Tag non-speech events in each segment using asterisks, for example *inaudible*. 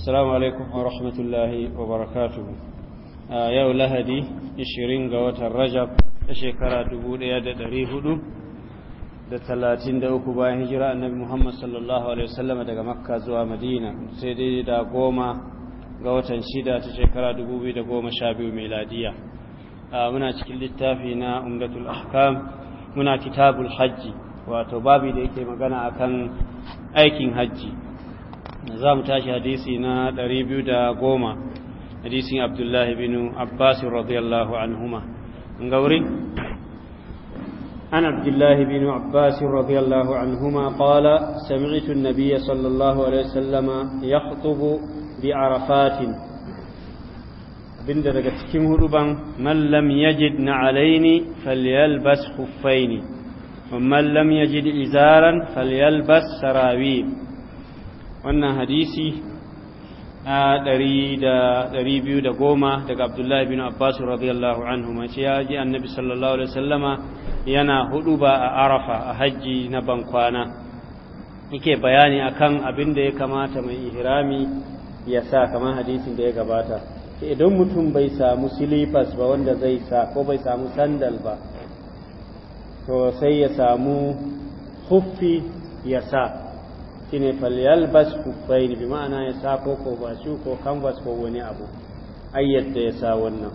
Assalamu alaikum wa rahmatullahi wa barakatu. A yau Lahadi, ishirin ga watan Rajab ta shekara uku bayan hijira annabi Muhammad sallallahu alaihi daga Makka zuwa Madina, sai dai da goma ga watan shida ta shekara 2012 miladiya. Muna cikin littafi na Umdatul Ahkam, muna kitabul hajji, wato babi da yake magana akan aikin hajji. za mu tashi hadisi na 210 hadisin abdullahi bin abbas radiyallahu anhuma ga wuri an abdullahi bin abbas radiyallahu anhuma qala sami'tu an-nabiyya sallallahu alaihi wasallama yakhutubu bi arafat binda daga cikin huduban man lam yajid na alaini falyalbas mallam man lam yajid izaran falyalbas sarawin wannan hadisi na ɗari biyu da goma daga abdullahi bin abbas radiyallahu anhu mace ya ji annabi sallallahu alaihi wasallama yana hudu ba a arafa a hajji na bankwana yake bayani akan abin da ya kamata mai ihrami ya sa kamar hadisin da ya gabata idan mutum bai samu silifas ba wanda zai sa ko bai samu sandal ba to sai ya samu huffi ya sa shine falyalbas kuffaini bi ma'ana ya sa ko ko basu ko canvas ko wani abu ayyata ya sa wannan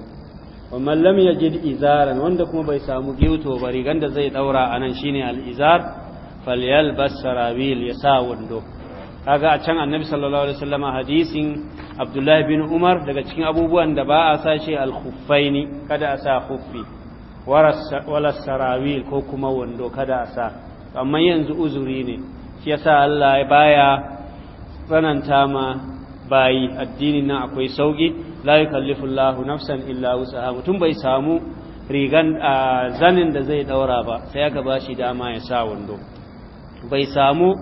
wa man lam yajid izaran wanda kuma bai samu giuto ba rigan da zai daura anan shine al-izar falyalbas sarabil ya sa wando kaga a can annabi sallallahu alaihi wasallam hadisin abdullahi bin umar daga cikin abubuwan da ba a sa shi al-khuffaini kada a sa khuffi wala sarawil ko kuma wando kada a sa amma yanzu uzuri ne shi yasa Allah ya baya tsananta ma bayi addinin nan akwai sauki la yukallifu Allahu nafsan illa wus'aha mutum bai samu rigan zanin da zai daura ba sai aka bashi dama ya sa wando bai samu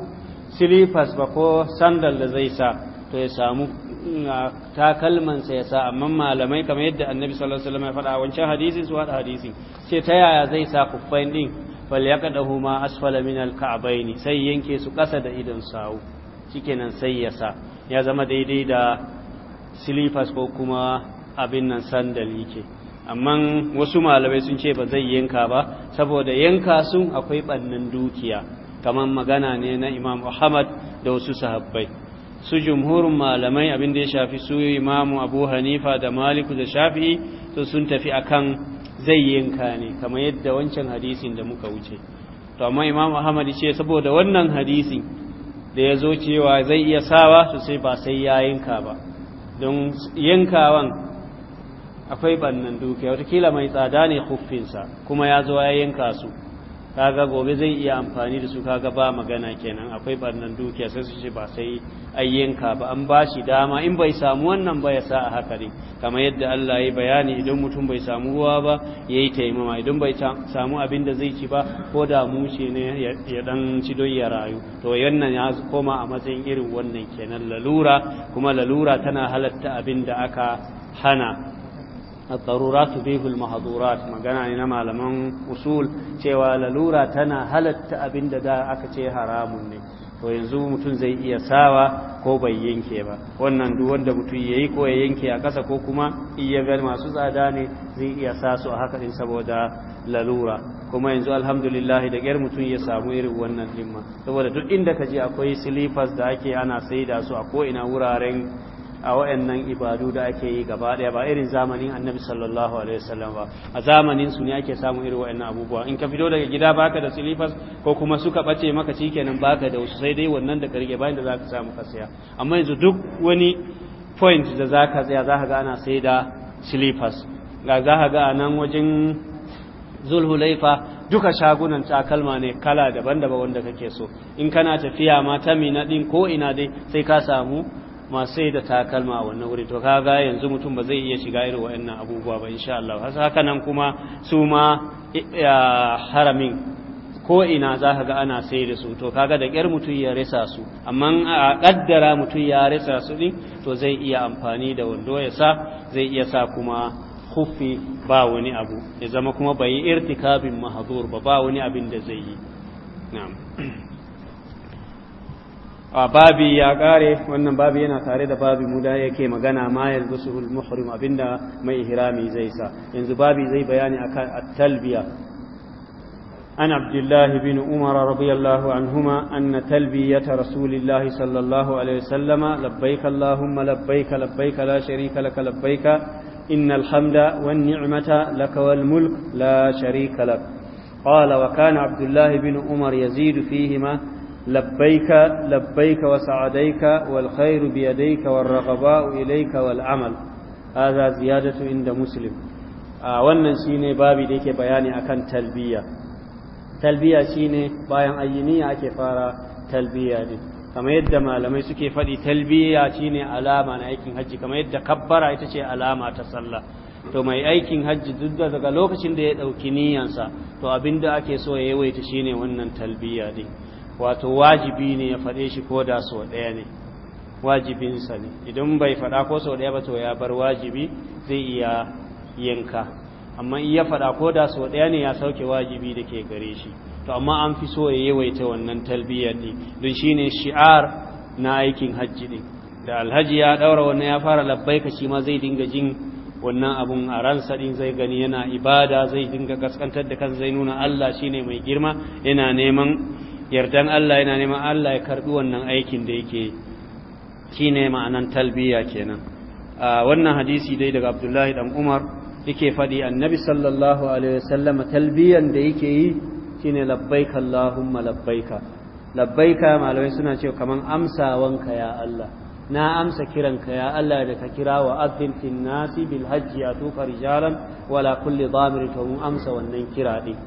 silifas ba ko sandal da zai sa to ya samu mm, takalmansa ya sa amma malamai kamar yadda annabi sallallahu alaihi wasallam ya faɗa wancan hadisi su hadisi sai ta yaya zai sa kuffain din falyaqadahu huma asfala min alka'bayn sai yanke su kasa da idan sawu cikenan sai ya sa ya zama daidai da silifas ko kuma abin nan sandal yake amma wasu malamai sun ce ba zai yanka ba saboda yanka sun akwai bannin dukiya kamar magana ne na Imam Ahmad da wasu sahabbai su jumhurin malamai abin da ya shafi su Imam Abu Hanifa da Malik da Shafi'i to sun tafi akan zai yanka ne kamar yadda wancan hadisin da muka wuce to amma imam ahmad ce saboda wannan hadisin da ya zo cewa zai iya sawa to sai ba sai ya yanka ba don yankawan akwai bannan dukiya watakila mai tsada ne huffinsa kuma ya zo ya yanka su kaga gobe zai iya amfani da su kaga ba magana kenan akwai barnan dukiya sai su ce ba sai ayyanka ba an ba shi dama in bai samu wannan ba ya sa a haka ne kamar yadda Allah ya bayani idan mutum bai samu ruwa ba ya yi taimama idan bai samu abin da zai ci ba ko da mushe ne ya dan ci don ya rayu to yannan ya koma a matsayin irin wannan kenan lalura kuma lalura tana halatta abin da aka hana الضرورات تبيح المحظورات magana ne na malaman usul cewa lalura tana halatta abin da da aka ce haramun ne to yanzu mutum zai iya sawa ko bai yanke ba wannan duk wanda mutum yayi ko ya yanke a ƙasa ko kuma iya bel masu tsada ne zai iya sa su a haka saboda lalura kuma yanzu alhamdulillah da ƙyar mutum ya samu irin wannan limma saboda duk inda ka je akwai silifas da ake ana saida su a ko ina wuraren a wayannan ibadu da ake yi gaba daya ba irin zamanin annabi sallallahu alaihi wasallam ba a zamanin su ne ake samu irin wayannan abubuwa in ka fito daga gida baka da silifas ko kuma suka bace maka shikenan baka da wasu sai dai wannan da karge bayan da zaka samu ka amma yanzu duk wani point da zaka tsaya zaka ga ana sai da silifas ga zaka ga a nan wajen zulhulaifa duka shagunan takalma ne kala daban-daban wanda kake so in kana tafiya ma ta mina din ko ina dai sai ka samu masu sai da takalma a wannan wuri to kaga yanzu mutum ba zai iya shiga irin waɗannan abubuwa ba insha Allah haka nan kuma su ma haramin ko ina za ka ga ana sai da su to kaga da ƙyar mutum ya risa su amma a ƙaddara mutum ya risa su ɗin to zai iya amfani da wando ya sa zai iya sa kuma kufi ba wani abu ya zama kuma bai yi irtikabin mahadur ba ba wani abin da zai yi na'am a babi ya kare wannan babi yana tare da babi mu da yake magana ma yanzu su muhrim abinda mai ihrami zai sa yanzu babi zai bayani akan at-talbiya عبد الله بن عمر رضي الله عنهما أن تلبية رسول الله صلى الله عليه وسلم لبيك اللهم لبيك لبيك لا شريك لك لبيك إن الحمد والنعمة لك والملك لا شريك لك قال وكان عبد الله بن عمر يزيد فيهما لبيك لبيك وسعديك والخير بيديك والرغباء إليك والعمل هذا زيادة عند مسلم wannan shine babi da yake bayani akan talbiya talbiya shine bayan ayyiniya ake fara talbiya din kamar yadda malamai suke faɗi talbiya shine alama na aikin hajji kamar yadda kabbara ita ce alama ta sallah to mai aikin hajji duk daga lokacin da ya ɗauki niyyansa to abinda ake so ya yawaita shine wannan talbiya din wato wajibi ne ya faɗe shi ko da so ɗaya ne wajibinsa ne idan bai faɗa ko so ɗaya ba to ya bar wajibi zai iya yanka amma iya ya faɗa ko da so ɗaya ne ya sauke wajibi da ke gare shi to amma an fi so ya yawaita wannan talbiyar ne don shi ne shi'ar na aikin hajji ne da alhaji ya ɗaura wannan ya fara labbaika shi ma zai dinga jin wannan abun a ransa ɗin zai gani yana ibada zai dinga kaskantar da kan zai nuna Allah shine mai girma yana neman yardan Allah yana neman Allah ya karbi wannan aikin da yake ne ma'anan talbiya kenan wannan hadisi dai daga Abdullahi dan Umar yake faɗi annabi sallallahu alaihi wasallam talbiyan da yake yi ne labbaika Allahumma labbaika labbaika malamai suna cewa kaman amsawanka ya Allah na amsa kiranka ya Allah da ka kira wa adhin fil nasi bil hajji atuka rijalan wala kulli damir kamun amsa wannan kira din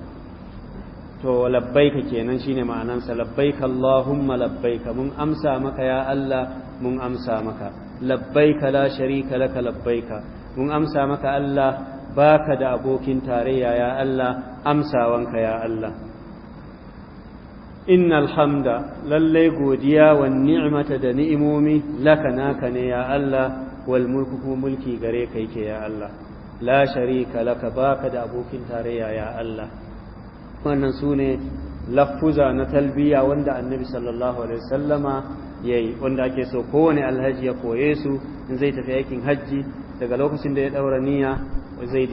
to labbaika kenan shine ma'anan sa labbaika Allahumma labbaika mun amsa maka ya Allah mun amsa maka labbaika la sharika laka labbaika mun amsa maka Allah baka da abokin tarayya ya Allah amsawanka ya Allah innal hamda lalle godiya wa ni'mata da ni'imomi laka naka ne ya Allah wal mulku kuma mulki gare kai ke ya Allah la sharika laka baka da abokin tarayya ya Allah wannan su ne lafuza na talbiya wanda annabi sallallahu alaihi ya yayi wanda ake so kowane alhaji ya koye su in zai tafi aikin hajji daga lokacin da ya daura niyya zai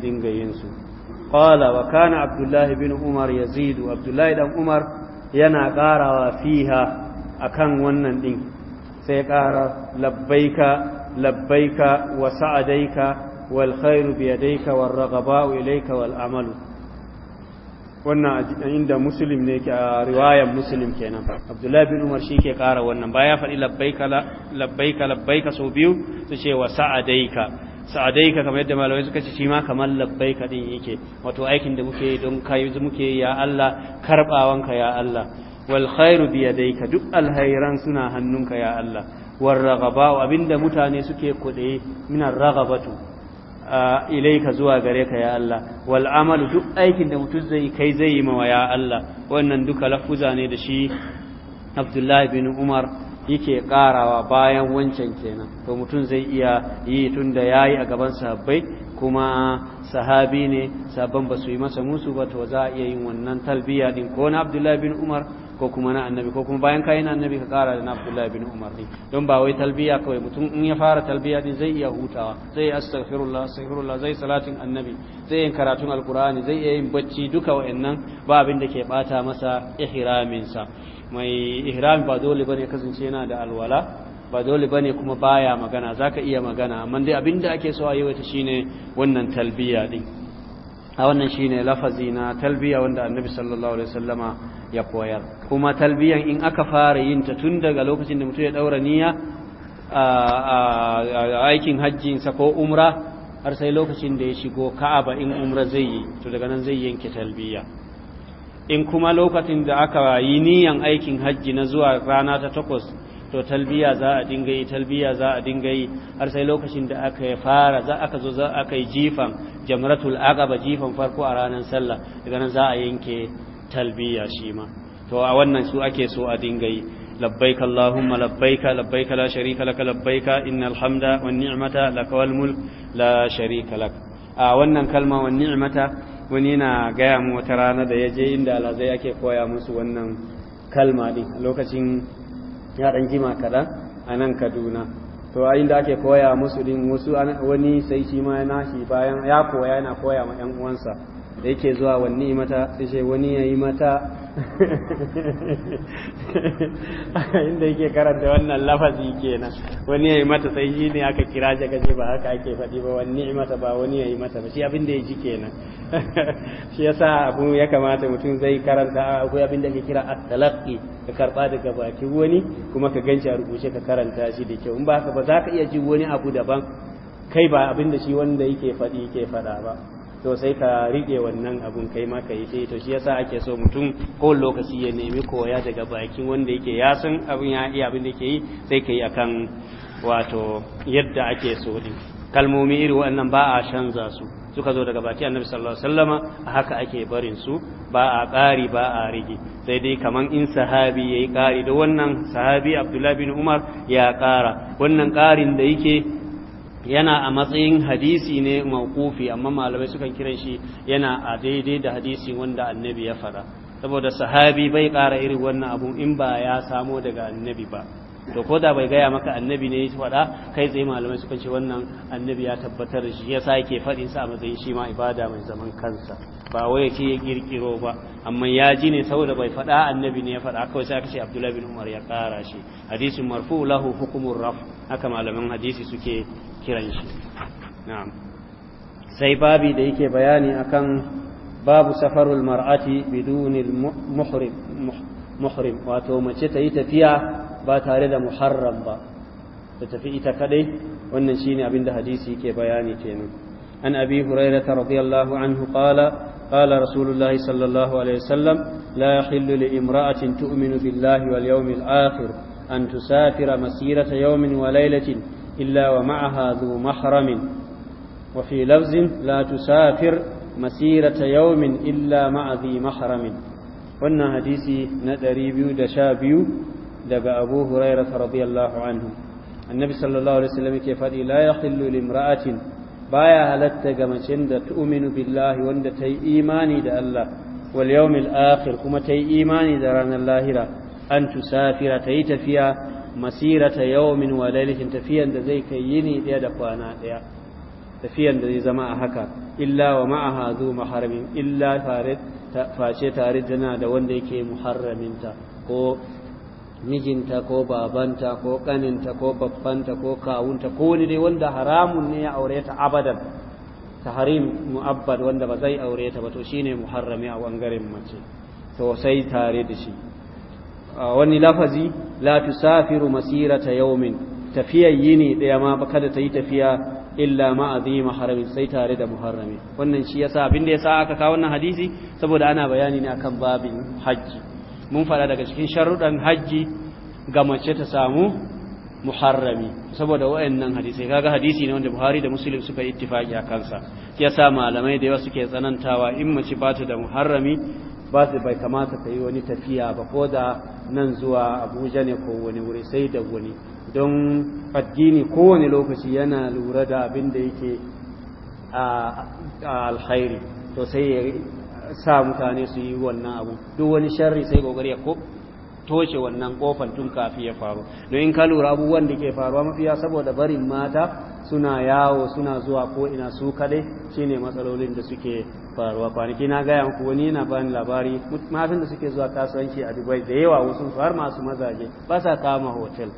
dinga yin su qala wa kana abdullahi bin umar yazidu abdullahi dan umar yana karawa fiha akan wannan din sai kara labbaika labbaika wa sa'adaika wal khairu bi yadayka war ilayka wal amalu wannan inda muslim ne ke a riwayan muslim kenan abdullahi bin umar shi ke kara wannan baya faɗi labbaika labbaika sau biyu su ce wa sa'adaika sa'adaika kamar yadda malamai suka ce shi ma kamar labbaika din yake wato aikin da muke don kayu muke ya Allah karbawanka ya Allah wal khairu bi yadayka duk alhairan suna hannunka ya Allah war ragaba abinda mutane suke kuɗe minar ragabatu ilaika zuwa gare ka ya Allah wal amalu duk aikin da mutum zai kai zai yi mawa ya Allah wannan duka lafuza ne da shi Abdullahi bin Umar yake karawa bayan wancan kenan to mutum zai iya yi tunda yayi a gaban sahabbai kuma sahabi ne sabon ba su yi masa musu ba to za a iya yin wannan talbiya din ko na Abdullahi bin Umar ko kuma na annabi ko kuma bayan kayan annabi ka kara da na abdullahi bin umar ne don ba wai talbiya kawai mutum in ya fara talbiya din zai iya hutawa zai astaghfirullah astaghfirullah zai salatin annabi zai yin karatun alqur'ani zai iya yin bacci duka wa'annan ba abin da ke bata masa ihramin sa mai ihrami ba dole bane kasance yana da alwala ba dole bane kuma baya magana zaka iya magana amma dai da ake so a yi wata shine wannan talbiya din a wannan shine lafazi na talbiya wanda annabi sallallahu alaihi wasallama ya koyar kuma talbiyan in aka fara yin ta tun daga lokacin da mutum ya daura niyya a aikin hajjinsa ko umra har sai lokacin da ya shigo ka'aba in umra zai yi to daga nan zai yanke talbiya in kuma lokacin da aka yi niyan aikin hajji na zuwa rana ta takwas to talbiya za a dinga yi talbiya za a dinga yi har sai lokacin da aka fara za aka zo za aka yi jifan jamratul aqaba jifan farko a ranar sallah daga nan za a yanke talbiya shi ma to a wannan su ake so a dinga yi labbaik allahumma labbayka labbayka la sharika lak labbayka innal hamda wan ni'mata lak wal mulk la sharika lak a wannan kalma wan ni'mata wani na gaya mu wata rana da yaje inda alazai ake koya musu wannan kalma din lokacin ya dan jima kadan a nan Kaduna to a inda ake koya musu din wasu wani sai shi ma yana shi bayan ya koya yana koya ma yan uwansa da yake zuwa wani yi mata sai ce wani ya yi mata inda yake karanta wannan lafazi kenan wani ya yi mata sai shi ne aka kira shi kace ba haka ake faɗi ba wani yi mata ba wani ya yi mata ba shi abinda ya ji kenan *laughs* shi ya sa abu ya kamata mutum zai karanta akwai abin da ake kira at-talaqqi ka karba daga bakin wani kuma ka ganci a rubuce ka karanta shi da kyau in ba haka ba za ka iya ji wani abu daban kai ba abinda shi wanda yake faɗi yake faɗa ba to sai ka riƙe wannan abun kai ma ka yi sai to shi yasa ake so mutum ko lokaci ya nemi koya daga bakin wanda yake ya san abin ya iya abin da yake yi sai ka yi akan wato yadda ake so din kalmomi iri wannan ba a canza su suka zo daga baki annabi sallallahu alaihi wasallama haka ake barin su ba a ƙari ba a rige sai dai kaman in sahabi yayi ƙari da wannan sahabi Abdullah bin Umar ya ƙara wannan ƙarin da yake yana a matsayin hadisi ne mawqufi amma malamai sukan kiran shi yana a daidai da hadisi wanda annabi ya fara saboda sahabi bai ƙara irin wannan abun in ba ya samo daga annabi ba to ko da bai gaya maka annabi ne ya faɗa kai tsaye malamai sukan ce wannan annabi ya tabbatar shi ya sa sake faɗin sa a matsayin shi ma ibada mai zaman kansa ba wai ce ya kirkiro ba amma ya ji ne saboda bai faɗa annabi ne ya faɗa kawai sai aka ce Abdullahi bin Umar ya ƙara shi hadisin marfu lahu hukumur raf haka malaman hadisi suke kiran shi na'am sai babi da yake bayani akan babu safarul mar'ati bidunil muhrim muhrim wato mace ta yi tafiya ba tare da muharram ba ta tafi ita kadai wannan shine abin da hadisi yake bayani kenan an abi hurairah radiyallahu anhu qala قال رسول الله صلى الله عليه وسلم لا يحل لامرأة تؤمن بالله واليوم الآخر أن تسافر مسيرة يوم وليلة إلا ومعها ذو محرم وفي لفظ لا تسافر مسيرة يوم إلا مع ذي محرم وأن حديثي ندريبيو دشابيو دبا أبو هريرة رضي الله عنه النبي صلى الله عليه وسلم كيف لا يحل لامرأة بايا هلت جمشن دا تؤمن بالله وان دا تي إيماني دا الله واليوم الآخر كما تي إيماني دا ران اللاهرة أن تسافر تيت فيها masirata yawmin wa lailatin tafiyan da zai kai yini daya da kwana daya tafiyan da zai zama a haka illa wa ma'aha zu muharramin illa tare face tare tana da wanda yake muharraminta ko mijinta ko babanta ko kaninta ko babbanta ko kawunta ko wani dai wanda haramun ne ya aure ta abadan tahrim mu'abbad wanda ba zai aure ta ba to shine muharrami a bangaren mace to sai tare da shi Ah, wani lafazi la tusafiru masirata yawmin tafiyar ne daya ma baka kada ta yi tafiya illa ma zai harami sai tare da muharrami wannan shi yasa abin da yasa aka kawo wannan hadisi saboda ana bayani ne akan babin hajji mun faɗa daga cikin sharuɗan hajji ga mace ta samu muharrami saboda nan hadisi kaga hadisi ne wanda Buhari da Muslim suka yi ittifaki a kansa yasa malamai da yawa suke tsanantawa in mace ba ta da muharrami ba su bai kamata ka yi wani tafiya ba ko da nan zuwa abuja ne ko wani wuri sai da wani don addini kowane lokaci yana lura da abin da yake a alkhairi to sai ya sa mutane su yi wannan abu duk wani sharri sai kokari ya toshe wannan kofan tun kafin ya faru don in ka lura abubuwan da ke faruwa mafiya saboda barin mata suna yawo suna zuwa ko ina su kadai shine matsalolin da suke faruwa kwanaki na gaya muku wani yana bani labari matan da suke zuwa kasuwanci a dubai da yawa wasu har masu mazaje ba sa kama hotel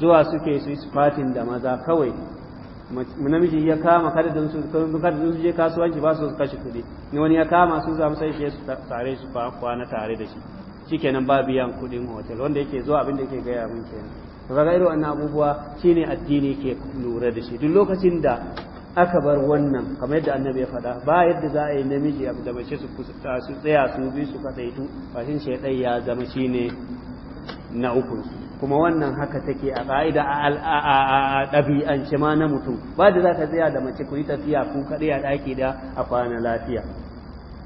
zuwa suke su fatin da maza kawai namiji ya kama kada da su kada su je kasuwanci ba su kashe kuɗi ni wani ya kama su za mu sai shi su tare su kwana tare da shi shikenan ba biyan kudin hotel wanda yake zuwa abin yake gaya mun kenan to kaga irin wannan abubuwa shine addini ke lura da shi duk lokacin da aka bar wannan kamar yadda annabi ya faɗa ba yadda za a yi namiji abu da mace su su tsaya su bi su kaɗaitu fashin shaiɗai ya zama shine na uku kuma wannan haka take a ƙa'ida a ɗabi'ance ma na mutum ba da za ka tsaya da mace ku yi tafiya ku kaɗai a ɗaki da a kwana lafiya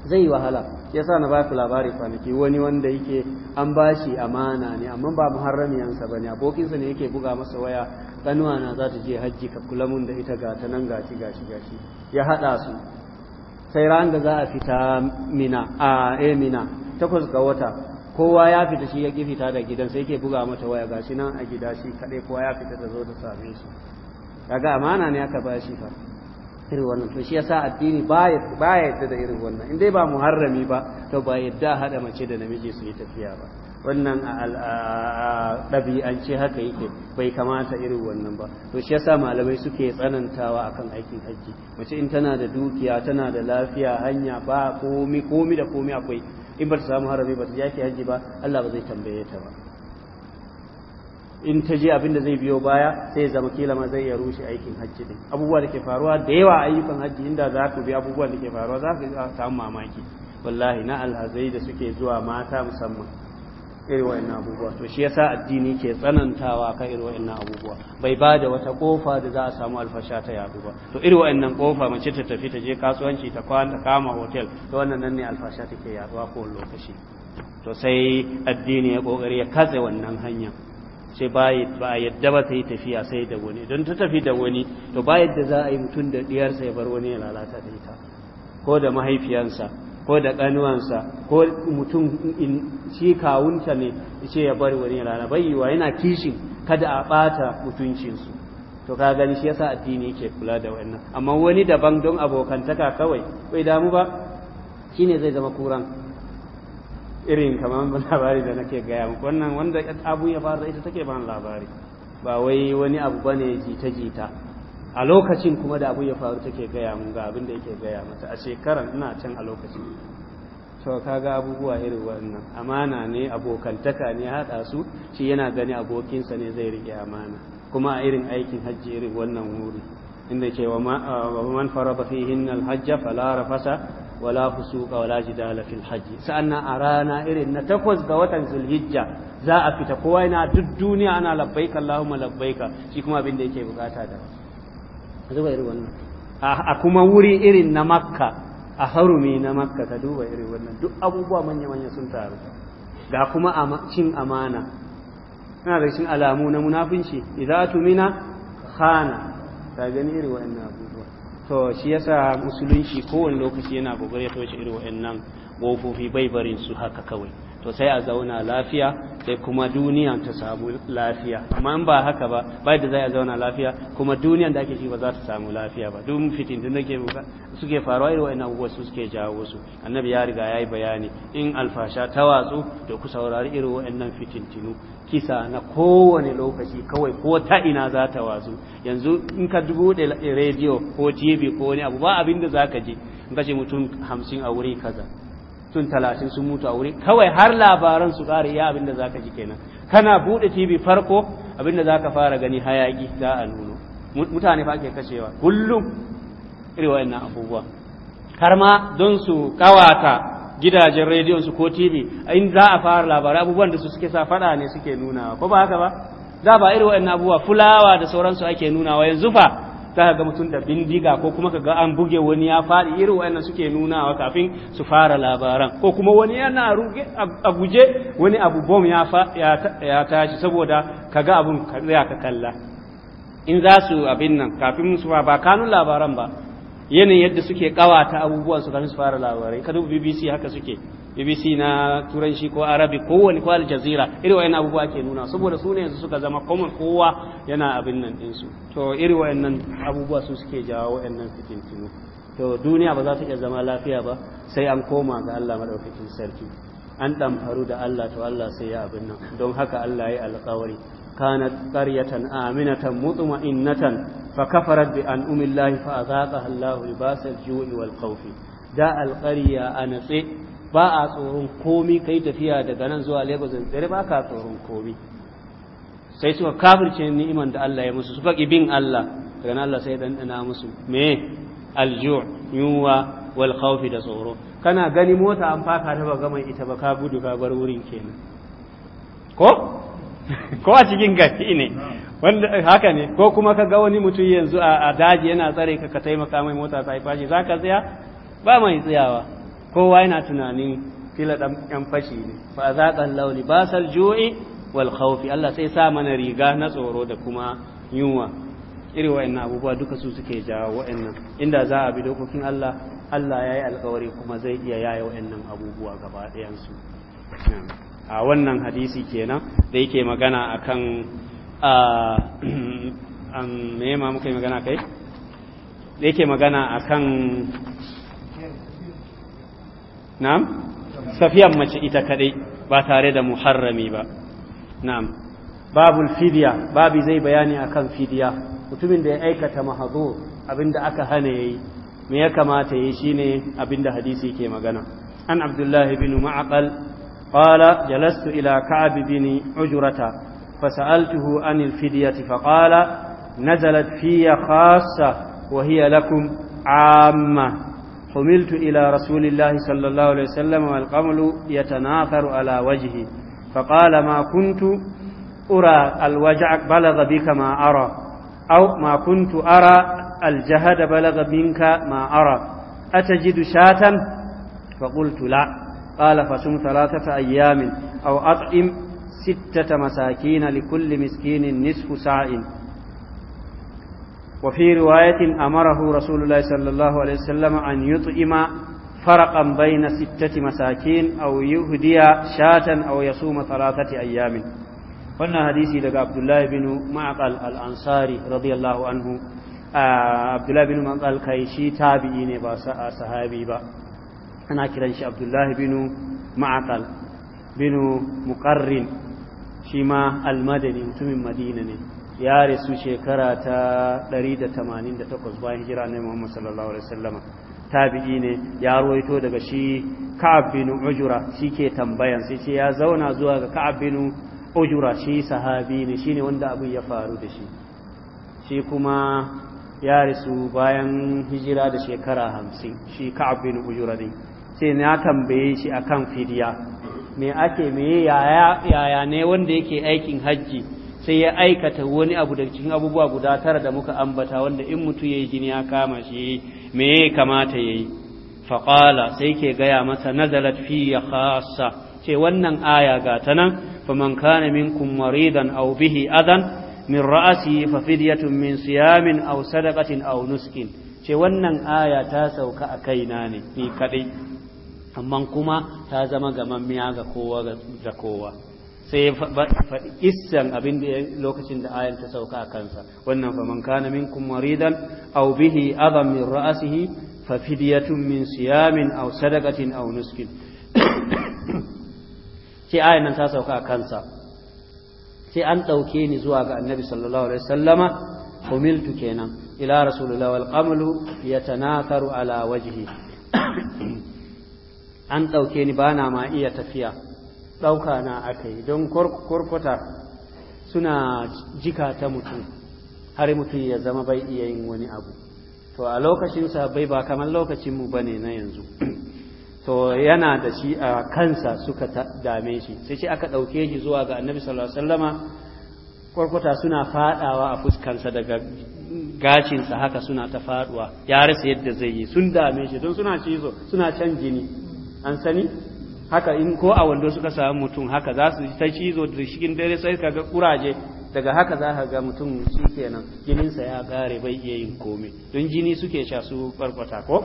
zai yi wahala yasa na ba ku labari kwanaki wani wanda yake an bashi amana ne amma ba muharramiyansa ne abokinsa ne yake buga masa waya kanuwa na za ta je hajji ka kula mun da ita ga ta nan gashi gashi gashi ya hada su sai ran da za a fita mina a eh mina takwas ga wata kowa ya fita shi ya ki fita da gidan sai yake buga mata waya gashi nan a gida shi kaɗai kowa ya fita da zo ta same shi kaga amana ne aka bashi fa irin wannan to shi yasa addini baya baya yadda da irin wannan in dai ba muharrami ba to ba yadda hada mace da namiji su yi tafiya ba wannan a ɗabi'ance haka yake bai kamata irin wannan ba to shi yasa malamai suke tsanantawa akan aikin hajji mace in tana da dukiya tana da lafiya hanya ba komi komi da komi akwai in ba ta samu harami ba ta je hajji ba Allah ba zai tambaye ta ba in ta je abin da zai biyo baya sai zama kila ma zai ya rushe aikin hajji din abubuwa da ke faruwa da yawa ayyukan hajji inda za ku bi abubuwan da ke faruwa za ku samu mamaki wallahi na alhazai da suke zuwa mata musamman irin wa'annan abubuwa to shi yasa addini ke tsanantawa kan irin wa'annan abubuwa bai ba da wata kofa da za a samu alfasha ta yadu ba to irin wa'annan kofa mace ta tafi ta je kasuwanci ta kwana kama hotel to wannan nan ne alfasha take yaduwa ko lokaci to sai addini ya kokari ya katse wannan hanyar sai ba a yadda ba ta yi tafiya sai da wani don ta tafi da wani to ba yadda za a yi mutum da ɗiyarsa ya bar wani ya lalata da ita ko da mahaifiyansa ko da ƙanuwansa ko mutum in shi kawunta ne ce ya bar wani ya lalata bai yiwa yana kishin kada a ɓata mutuncinsu to ka gani shi yasa addini yake kula da wannan amma wani daban don abokantaka kawai bai damu ba shine zai zama kuran irin kamar *laughs* labari da nake gaya muku wannan wanda abu ya faru ita take ban labari ba wai wani abu bane jita jita a lokacin kuma da abu ya faru take gaya mun ga abin da yake gaya mata a shekaran ina can a lokacin to kaga abubuwa irin wannan amana ne abokantaka ne haɗa su shi yana gani abokinsa ne zai rike amana kuma a irin aikin hajji irin wannan wuri inda ke wa man faraba fihin hajja fala rafasa wala fusuqa wala jidala fil hajj sa'annan arana irin na takwas ga watan zulhijja za a fita kowa yana duk duniya ana labbaika allahumma labbaika shi kuma abin da yake bukata da zuba irin wannan a kuma wuri irin na makka a harumi na makka ka duba irin wannan duk abubuwa manya manya sun taru ga kuma cin amana Ina da cin alamu na munafinci idza tumina khana ta gani irin wannan abubuwa to shi yasa musulunci kowane lokaci yana gogare ta wace irin wa'annan ƙofofi bai barin su haka kawai to sai a zauna lafiya sai kuma duniya ta samu lafiya amma in ba haka ba ba da zai a zauna lafiya kuma duniya da ake ci ba za ta samu lafiya ba duk fitin da nake suke faruwa irin wa'annan abubuwa su suke jawo su annabi ya riga ya yi bayani in alfasha ta watsu to ku saurari irin wa'annan fitintinu kisa na kowane lokaci kawai ko ta ina za ta watsu yanzu in ka buɗe rediyo ko tv ko wani abu ba abin da za ka ji in ka mutum hamsin a wuri kaza tun talatin sun mutu a wuri kawai har labaran su ƙara iya abin da zaka ji kenan kana buɗe tv farko abin da zaka fara gani hayaki za a nuno mutane fa ake kashewa kullum iri wayannan abubuwa har ma don su kawata gidajen rediyon su ko tv in za a fara labarai abubuwan da su suke sa fada ne suke nunawa ko ba haka ba za ba iri wayannan abubuwa fulawa da sauransu ake nunawa yanzu fa za ga mutum da bindiga ko kuma ka ga an buge wani ya faɗi irin wa'annan suke nunawa kafin su fara labaran ko kuma wani yana a guje wani abu bom ya tashi saboda ka ga abun ka ka kalla in za su abin nan kafin su ba kanun labaran ba yanayin yadda suke kawata abubuwan su kafin su fara labarai ka bbc haka suke BBC na turanci ko arabi ko wani ko al jazeera irin wayannan abubuwa ke nuna saboda su ne yanzu suka zama common kowa yana abin nan din su to irin wayannan abubuwa su suke jawo wayannan fitintinu to duniya ba za ta iya zama lafiya ba sai an koma ga Allah madaukakin sarki an faru da Allah to Allah sai ya abin nan don haka Allah ya alƙawari kanat qaryatan aminatan mutma'innatan fakafarat bi umillahi fa azaqaha Allahu libasal ju'i wal khawfi da alƙarya a natse ba a tsoron komi kai tafiya daga nan zuwa Lagos tsere ba ka tsoron komi sai suka kafirce ni'iman da Allah ya musu su faɗi bin Allah daga nan Allah sai dan musu me alju' yunwa wal khawfi da tsoro kana gani mota an faka ta ba gama ita ba ka gudu ka bar wurin kenan ko *laughs* ko a cikin gari ne wanda haka ne ko kuma ka ga wani mutum yanzu a daji yana tsare ka ka taimaka mai mota ta yi fashi za ka tsaya ba mai tsayawa kowa yana tunanin fila dan yan fashi ne fa azaqan law libasal ju'i wal khawfi Allah sai sa mana riga na tsoro da kuma yunwa iri wa'annan abubuwa duka su suke jawo wa'annan inda za a bi dokokin Allah Allah yayi yi alkawari kuma zai iya yayi wayannan abubuwa gaba ɗayan su. a wannan hadisi kenan da yake magana akan a me ma muka magana kai da yake magana akan na'am safiyan mace ita kadai ba tare da muharrami ba na'am babul fidiya babi zai bayani akan fidiya mutumin da ya aikata mahazo abinda aka hana yayi me ya kamata yayi shine abinda hadisi ke magana an abdullah ibn ma'qal qala jalastu ila ka'ab ibn ujrata fasaltuhu anil fidyati faqala nazalat fiya khassa wa hiya lakum amma حملت إلى رسول الله صلى الله عليه وسلم والقمل يتناثر على وجهي فقال ما كنت أرى الوجع بلغ بك ما أرى أو ما كنت أرى الجهد بلغ منك ما أرى أتجد شاة فقلت لا قال فصم ثلاثة أيام أو أطعم ستة مساكين لكل مسكين نصف ساع وفي رواية أمره رسول الله صلى الله عليه وسلم أن يطعم فرقا بين ستة مساكين أو يهدي شاة أو يصوم ثلاثة أيام wannan hadisi daga abdullahi bin ma'aqal al-ansari radiyallahu anhu abdullahi bin ma'aqal kai shi tabi'i ne ba sahabi ba ana kiran shi abdullahi bin ma'aqal bin muqarrin shi ma al mutumin madina ne ya rasu shekara ta 188 bayan hijira na Muhammad sallallahu alaihi wasallam tabi'i ne ya ruwaito daga shi Ka'ab bin Ujra shike tambayan sai ce ya zauna zuwa ga Ka'ab bin Ujra shi sahabi ne shine wanda abin ya faru da shi shi kuma ya rasu bayan hijira da shekara 50 shi Ka'ab bin Ujra ne sai na tambaye shi akan fidiya me ake me yaya yaya ne wanda yake aikin hajji sai ya aikata wani abu da cikin abubuwa guda tara da muka ambata wanda in mutu yi jini ya kama shi me ya kamata yayi faƙala sai ke gaya masa nazalat fi khassa ce wannan aya ga ta nan fa kane kana minkum maridan aw bihi adan min ra'asi fa fidyatun min siyamin aw sadaqatin aw nuskin ce wannan aya ta sauka a kaina ne ni kadai amma kuma ta zama gamammiya ga kowa da kowa sai ya faɗi kissan abin da lokacin da ayan ta sauka a kansa wannan fa man kana minkum maridan aw bihi adam min ra'sihi fa fidyatun min siyamin aw sadaqatin aw nuskin *coughs* sai ayan nan ta sauka a kansa sai an ɗauke ni zuwa ga annabi sallallahu alaihi wasallama humiltu kenan ila rasulullah wal qamlu yatanatharu ala wajhi *coughs* an ɗauke ni bana ma iya tafiya ɗauka na aka yi don kurkuta suna jika ta mutum har mutum ya zama bai iya yin wani abu to a lokacin bai ba kamar lokacinmu ba ne na yanzu to yana da shi a kansa suka dame shi sai shi aka ɗauke shi zuwa ga annabi sallallahu alaihi wasallama kwarkwata suna fadawa a fuskansa daga gashinsa haka suna ta faduwa ya rasa yadda zai yi sun dame shi don suna cizo suna can jini an sani haka in ko a wando suka samu mutum haka za su ta cizo da cikin dare sai ka ga kuraje daga haka za ka ga mutum shi kenan jininsa ya kare bai iya yin komai don jini suke sha su barkwata ko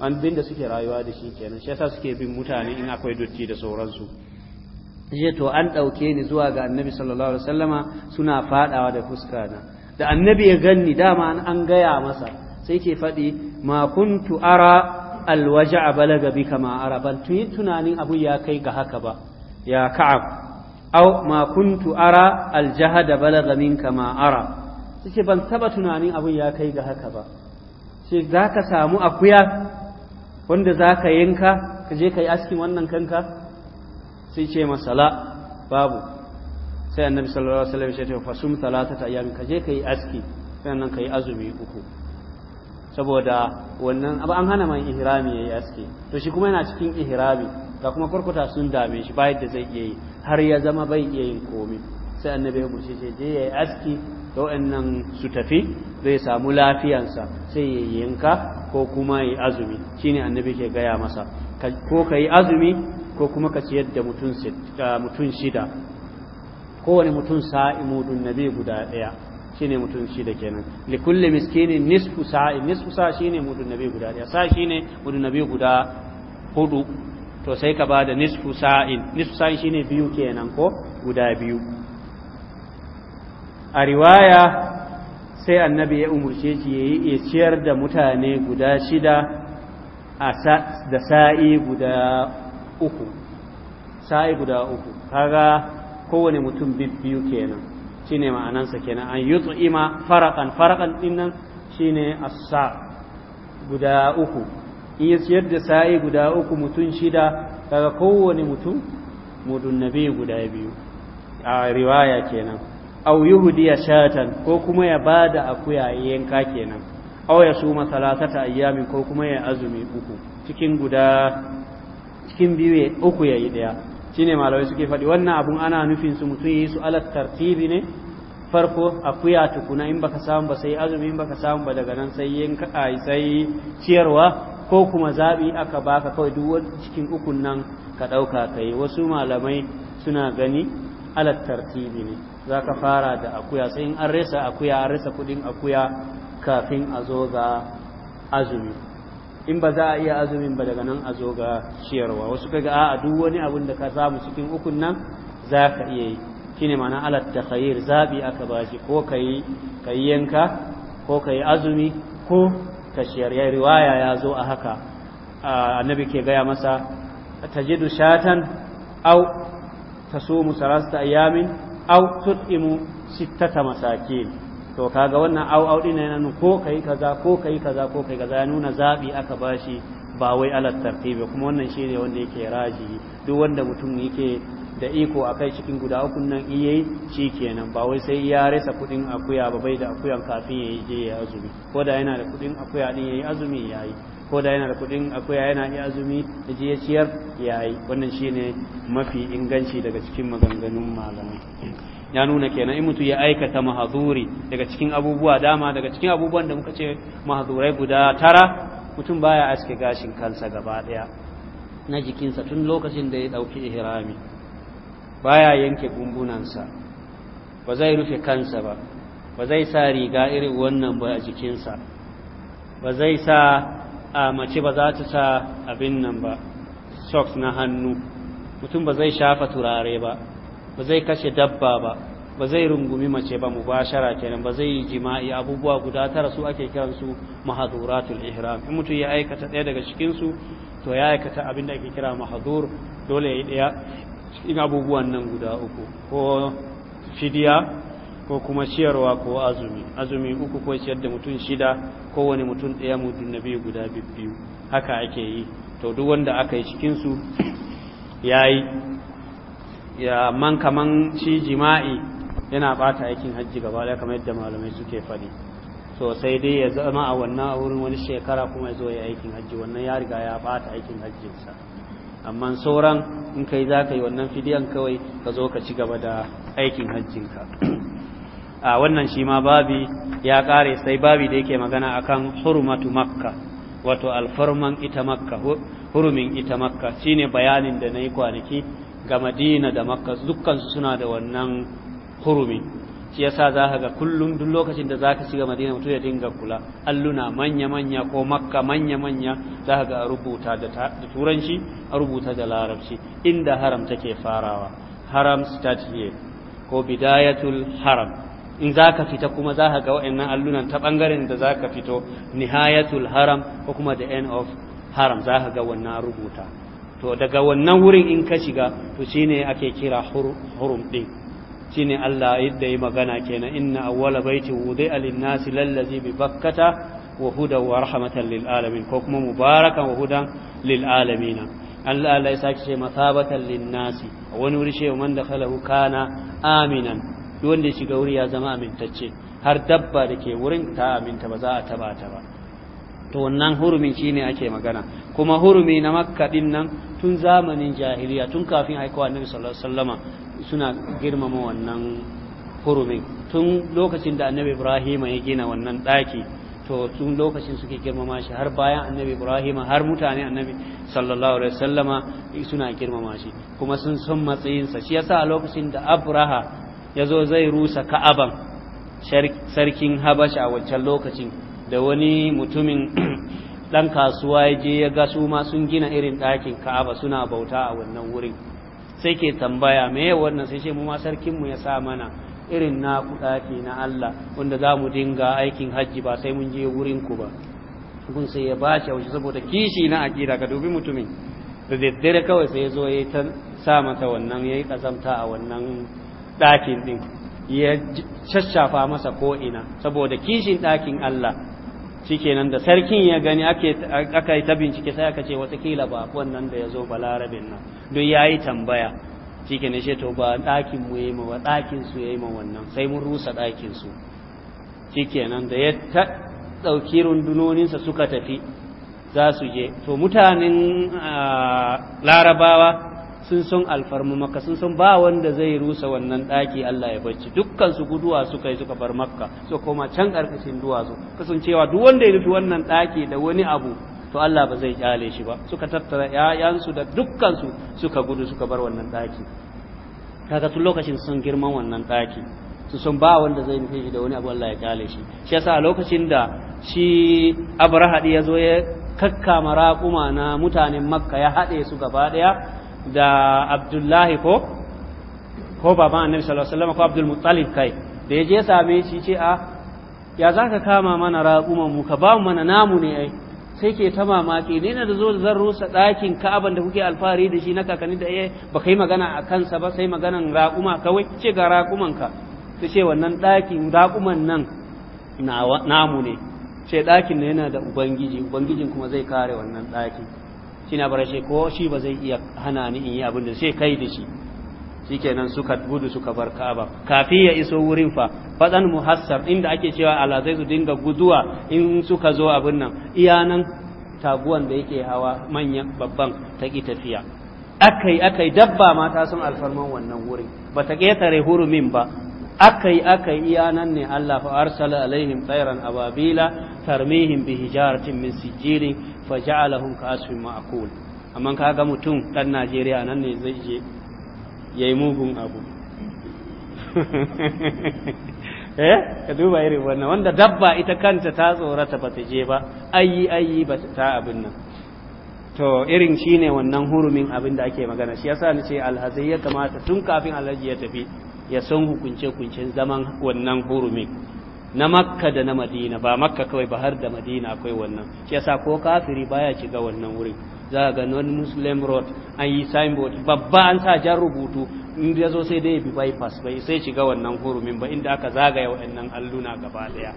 an bin da suke rayuwa da shi kenan shi yasa suke bin mutane in akwai dotti da sauransu je to an ɗauke ni zuwa ga annabi sallallahu alaihi wasallama suna fadawa da fuska na da annabi ya ganni dama an gaya masa sai ke faɗi ma kuntu ara alwaje a balaga bi kama ara ban yi tunanin abu ya kai ga haka ba ya ka'ab au ma kuntu ara da balaga min kama ara ce ban taba tunanin abu ya kai ga haka ba ce za ka samu akuya wanda za ka yanka ka je ka yi askin wannan kanka sai ce masala babu sai annabi sallallahu alaihi wasallam ya ce fasum talatata ayyam ka je ka yi aski sannan ka yi azumi uku saboda wannan an hana man ihrami yayi aski to shi kuma yana cikin ihrami ga kuma kurkuta sun dame shi bayan da zai iya yi har ya zama bai iya yin komai sai annabi ya gurce shi je yayi aski to wannan su tafi zai samu lafiyansa sai ya yanka ko kuma yi azumi shine annabi ke gaya masa ko ka azumi ko kuma ka ciyar da mutum ah, shida kowane mutum sa'imudun nabi guda ɗaya shine mutum da kenan li kulli miskinin nisfu sa'i nisfu sa shine mudun nabi guda ya sa shine mudun nabi guda hudu to sai ka bada nisfu sa'in nisfu sa'in shine biyu kenan ko guda biyu a riwaya sai annabi ya umurce shi yayi ya ciyar da mutane guda shida a da sa'i guda uku sa'i guda uku kaga kowane mutum biyu kenan shine ma'anansa kenan an yut'ima faraqan faraqan dinnan shine assa guda uku in ya da sa'i guda uku mutum shida daga kowane mutum mudun nabi guda biyu a riwaya kenan aw ya shatan ko kuma ya bada akuya yanka kenan aw ya suma salasata ayyami ko kuma ya azumi uku cikin guda cikin biyu uku yayi daya shine malamai suke faɗi wannan abun ana nufin su mutum yi su alat tartibi ne farko akuya tukuna in baka samu ba sai azumi in baka samu ba daga nan sai yanka ai sai ciyarwa ko kuma zabi aka baka kawai duk wani cikin ukun nan ka ɗauka kai wasu malamai suna gani alat tartibi ne zaka fara da akuya sai in an resa akuya an resa kuɗin akuya kafin a zo ga azumi in ba za a iya azumin ba daga nan a zo ga ciyarwa wasu kaga a'a duk wani abin da ka samu cikin ukun nan za ka iya yi shine ma'ana alat khayir zabi aka bashi ko kai yi yanka ko kai azumi ko ka shiyar ya riwaya ya zo a haka annabi ke gaya masa tajidu shatan au tasumu sarasta ayamin au tut'imu sittata masakin to kaga wannan au au din yana ko kai kaza ko kai kaza ko kai kaza ya nuna zabi aka bashi ba wai ala tartibi kuma wannan shine wanda yake raji duk wanda mutum yake da iko akai cikin guda uku nan iye kenan ba wai sai ya rasa kudin akuya ba bai da akuyan kafin ya je ya azumi ko da yana da kudin akuya din yayi azumi yayi ko da yana da kudin akuya yana iya azumi ya je ya ciyar yayi wannan shine mafi inganci daga cikin maganganun malamai ya nuna kenan in mutum ya aikata mahazuri daga cikin abubuwa dama daga cikin abubuwan da muka ce mahazurai guda tara mutum baya aske gashin kansa gaba daya na jikinsa tun lokacin da ya dauki ihrami baya yanke gumbunansa ba zai rufe kansa ba ba zai sa riga irin wannan ba a jikinsa ba zai sa a mace ba za ta sa abin nan ba socks na hannu mutum ba zai shafa turare ba ba zai kashe dabba ba ba zai rungumi mace ba mubashara kenan ba zai yi jima'i abubuwa guda tara su ake su mahaduratul ihram in mutum ya aikata ɗaya daga cikin su to ya aikata abin da ake kira mahadur dole ya yi ɗaya cikin abubuwan nan guda uku ko fidiya ko kuma ciyarwa ko azumi azumi uku ko ciyar da mutum shida ko wani mutum ɗaya mutum na biyu guda biyu haka ake yi to duk wanda aka yi cikin su yayi ya man kaman shi jima'i yana bata aikin hajji gaba daya kamar yadda malamai suke faɗi so sai dai ya zama a wannan a wurin wani shekara kuma ya zo ya aikin hajji wannan ya riga ya bata aikin hajjinsa amma sauran in kai za ka yi wannan fidiyan kawai ka zo ka ci gaba da aikin hajjinka a wannan shi ma babi ya kare sai babi da yake magana akan hurmatu makka wato alfarman ita makka hurumin ita makka shine bayanin da na yi kwanaki ga madina da makka dukkansu suna da wannan hurumi shi yasa za ka ga kullum duk lokacin da za ka shiga madina mutum ya dinga kula alluna manya-manya ko makka manya-manya za ka ga a rubuta da turanci a rubuta da larabci inda haram take farawa haram start here ko bidayatul haram in za ka fita kuma za ka ga wa'annan allunan ta ɓangaren da za ka fito nihayatul haram ko kuma the end of haram za ka ga wannan rubuta to daga wannan wurin in ka shiga to shine ake kira hurum din shine Allah yadda yi magana kenan inna awwala baiti wudi'a a nasi lallazi bi bakkata wa huda wa rahmatan lil alamin ko kuma mubarakan wa hudan lil alamin Allah Allah ya saki ce masabatan lin-nasi wani wuri shi man khalahu kana aminan duk wanda ya shiga wuri ya zama amintacce har dabba da ke wurin ta aminta ba za a taba ta ba to wannan hurumin ne ake magana kuma hurumi na makka din nan tun zamanin jahiliya tun kafin aikowa annabi sallallahu alaihi suna girmama wannan hurumin tun lokacin da annabi ibrahima ya gina wannan daki to tun lokacin suke girmama shi har bayan annabi ibrahim har mutane annabi sallallahu alaihi wasallama suna girmama shi kuma sun san matsayinsa shi yasa a lokacin da abraha ya zo zai rusa ka'aban sarkin habasha a wancan lokacin da wani mutumin *clears throat* ɗan kasuwa ya je ya ga su ma sun gina irin ɗakin ka'aba suna bauta a wannan wurin sai ke tambaya me wannan sai ce mu ma sarkinmu ya sa mana irin na ɗaki na Allah wanda za mu dinga aikin hajji ba sai mun je wurin ku ba kun sai ya bashi wuce saboda kishi na akida ka dubi mutumin da daddare kawai sai ya zo ya ta sa mata wannan ya yi ƙazamta a wannan ɗakin ɗin ya shashafa masa ko'ina saboda kishin ɗakin Allah shikenan da sarkin ya gani aka yi ta bincike sai aka ce watakila ba nan da ya zo ba balarabin nan don ya yi tambaya shikenan shi to ba ɗakin mu ya yi ma ɗakin su ya yi ma wannan sai mun rusa ɗakin su shikenan da ya ɗauki rundunoninsa suka tafi za su je to mutanen ah, larabawa sun san alfarmu makka sun san ba wanda zai rusa wannan ɗaki Allah ya bacci dukkan su guduwa suka yi suka bar makka so koma can ƙarƙashin duwatsu kasancewa duk wanda ya rufe wannan ɗaki da wani abu to Allah ba zai kyale shi ba suka tattara ƴaƴansu da dukkan su suka gudu suka bar wannan ɗaki kaga tun lokacin sun girman wannan ɗaki su sun ba wanda zai nufi shi da wani abu Allah ya kyale shi shi yasa a lokacin da shi Abraha ya zo ya kakkama raƙuma na mutanen Makka ya haɗe su gaba ɗaya da abdullahi ko ko baban annabi sallallahu alaihi ko abdul muttalib kai da ya same shi ce a ah, ya zaka kama mana raquman mu ka ba mu mana namu ne ai sai ke ta mamaki ne na da zo zan rusa ɗakin ka'aban da kuke alfahari da shi na kakanni da iya ba kai magana a kansa ba sai maganan raƙuma kawai ce ga raquman ka ta ce wannan ɗakin raƙuman nan namu ne ce ɗakin ne yana da ubangiji ubangijin kuma zai kare wannan ɗakin ina bara shi ko shi ba zai iya hana ni in yi abin da sai kai da shi shi shikenan suka gudu suka bar Ka'aba kafin ya iso wurin fa fadan muhassar inda ake cewa zai su dinga guduwa in suka zo abin nan iya nan taguwan da yake hawa manyan babban ta ki tafiya akai akai dabba ma ta san alfarman wannan wurin ba ta ketare hurumin ba akai akai iya nan ne Allah fa arsala alaihim tsairan ababila tarmihim bi hijaratin min sijilin fa ja'alahum ka asfin ma'akul amma kaga mutum dan Najeriya nan ne zai je yayi mugun abu *laughs* eh ka duba irin wannan wanda dabba ita kanta ta tsorata ba ta je ba ayi ayi ba ta abin nan to irin shine wannan hurumin abin da ake magana shi yasa ni ce alhazai ya kamata tun kafin alhaji ya tafi ya san hukunce-hukuncen zaman wannan hurumin na makka da na madina ba makka kawai ba har da madina akwai wannan shi yasa ko kafiri baya shiga wannan wurin za ga non muslim road an yi signboard babba an sa jan rubutu in ya zo sai dai bi bypass bai sai shiga wannan hurumin ba inda aka zagaya wa'annan alluna gaba daya